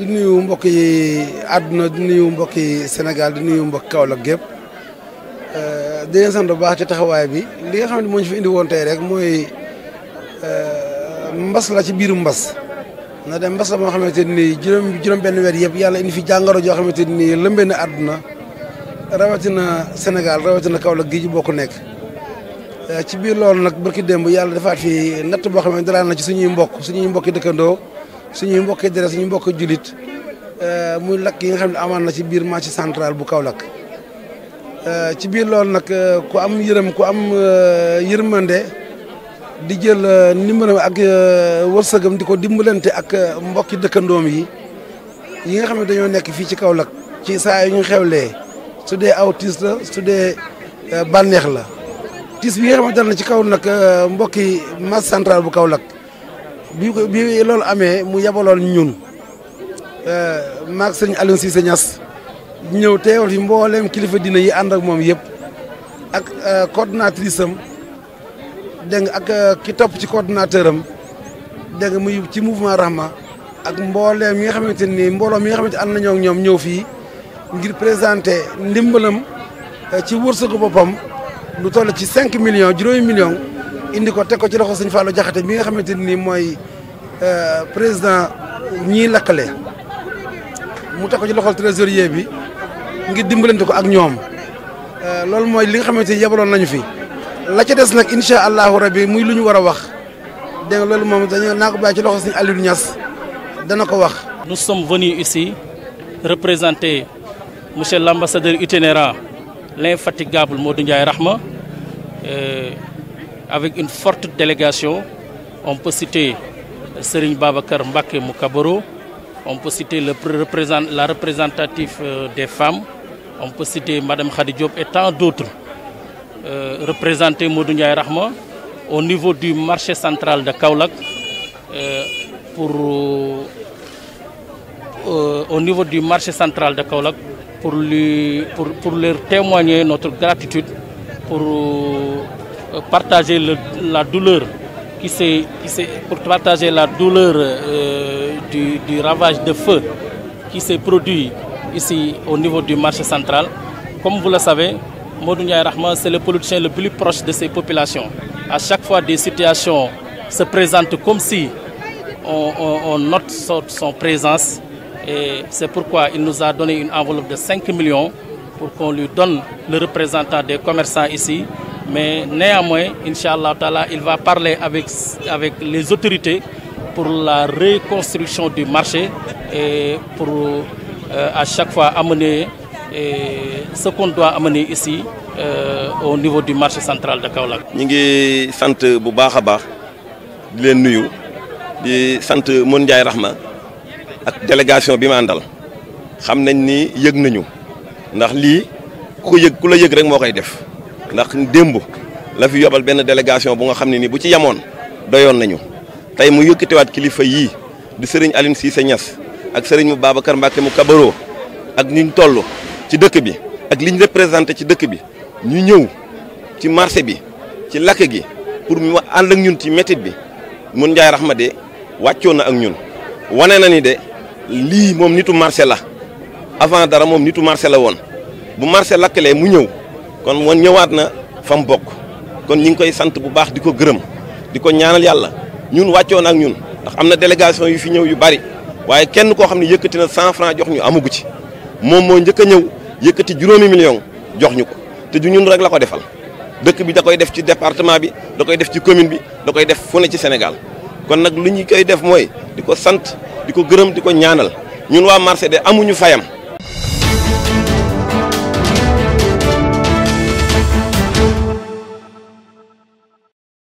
di nuyu mbokk yi àdduna di nuyu mbokk yi Sénégal di nuyu mbokk Kaolack gépp euh, di leen sant baax ci taxawaay bi li nga xam ne moo indi woon rek mooy euh, mbas la ci biiru mbas. na dem mbas la moo xamante ni juróom juróom benn weer yëpp yàlla indi fi jàngoro joo xamante ni lëmbee na àdduna rawatina senegal rawatina Kaolack gi ci bokk nekk. Euh, ci biir loolu nag barki démb yàlla defaat fi natt boo xam ne dara na ci suñuy mbokk suñuy mbokk dëkkandoo. suñuy mbokki dere suñu mbokki julit eh, muy lakk yi nga xam ne amaan na ci biir marché central bu Kaolack eh, ci biir lool nag eh, ku am yërëm ku am yërmande di jël ndimbalam ak wërsëgam di ko dimbalante ak mbokki dëkkandoom yi yi nga xam dañoo nekk fii ci Kaolack ci saa yu ñu xewlee su dee aw tiis la su dee bànneex la tiis bi nga xamante ne ci kaw nag mbokki marché central bu Kaolack bi bi loolu amee mu yabaloon ñun euh, maag sëñ Aliou Cissé Niass ñëw teewal fi kilifa dina yi ànd ak moom yëpp ak euh, coordonnatrice am dégg nga ak euh, ki topp ci coordonnateur am dégg nga ci mouvement Rahma ak mbooleem mi nga xamante ni mbooloo mi nga xamante ànd nañoo ak ñoom ñëw fii ngir présenter ndimbalam ci wërsëgu boppam lu toll ci cinq millions juróomi millions indi ko teg ci loxo seigne Fallou Diakhaté mi nga xamanteni ni euh président ñi lakkale mu teg ci loxol trésorier bi ngi dimbalante ko ak ñom euh lool moy li nga xamanteni yabalon nañu fi la ci dess nak incha allahu rabi muy luñu wara wax dégg lool mom dañu nako ba ci loxo seigne Aliou Niass dana ko wax. nous sommes venus ici représenter monsieur l'ambassadeur itinérant l'infatigable Modou ndjay Rahma. euh avec une forte délégation. On peut citer Serigne Babakar Mbake Moukaboro, on peut citer la représentative euh, des femmes, on peut citer Madame Khadijob et tant d'autres. représentés euh, représenter Ndiaye Rahma au niveau du marché central de Kaulak euh, pour au niveau du marché central de Kaulak pour, lui, pour, pour leur témoigner notre gratitude pour euh, partager la douleur qui pour partager la douleur euh, du, ravage de feu qui s'est produit ici au niveau du marché central. Comme vous le savez, Modou Rahman, c'est le politicien le plus proche de ces populations. À chaque fois, des situations se présentent comme si on, on note son présence. Et c'est pourquoi il nous a donné une enveloppe de 5 millions pour qu'on lui donne le représentant des commerçants ici mais néanmoins, Inch'Allah, il va parler avec, avec les autorités pour la reconstruction du marché et pour euh, à chaque fois amener ce qu'on doit amener ici euh, au niveau du marché central de Kaolack. Nous ngi sant bu baax baax di leen nuyu di délégation de ma Nous xam nañ ni yëg nañu ndax lii ko yëg ku nous rek ndax démb la fi yobal benn délégation bu nga xam ne nii bu ci yemoon doyoon nañu tey mu yëkkatiwaat kilifa yii di sëriñ Aline Cissé Niass ak sëriñ mu Babacar Mbacke mu Kabaro ak ñu toll ci dëkk bi ak liñ ñu représenté ci dëkk bi ñu ñëw ci marché bi ci lakk gi pour mu ànd ak ñun ci métit bi mun Ndiaye ma de wàccoon na ak ñun wane na de lii moom nitu marché la avant dara moom nitu marché la woon bu marché lakkalee mu ñëw. kon moo ñëwaat na fa mu bokk kon ñi ngi koy sant bu baax di ko gërëm di ko ñaanal yàlla ñun wàccoon ak ñun ndax am na délégation yu fi ñëw yu bari waaye kenn koo xam ne yëkkati na cent franc jox ñu amugu ci moom moo njëkk a ñëw yëkkati juróomi million jox ñu ko te du ñun rek la ko defal dëkk bi da koy def ci département bi da koy def ci commune bi da koy def fu ne ci Sénégal kon nag lu ñu koy def mooy di ko sant di ko gërëm di ko ñaanal ñun waa marché de amuñu fayam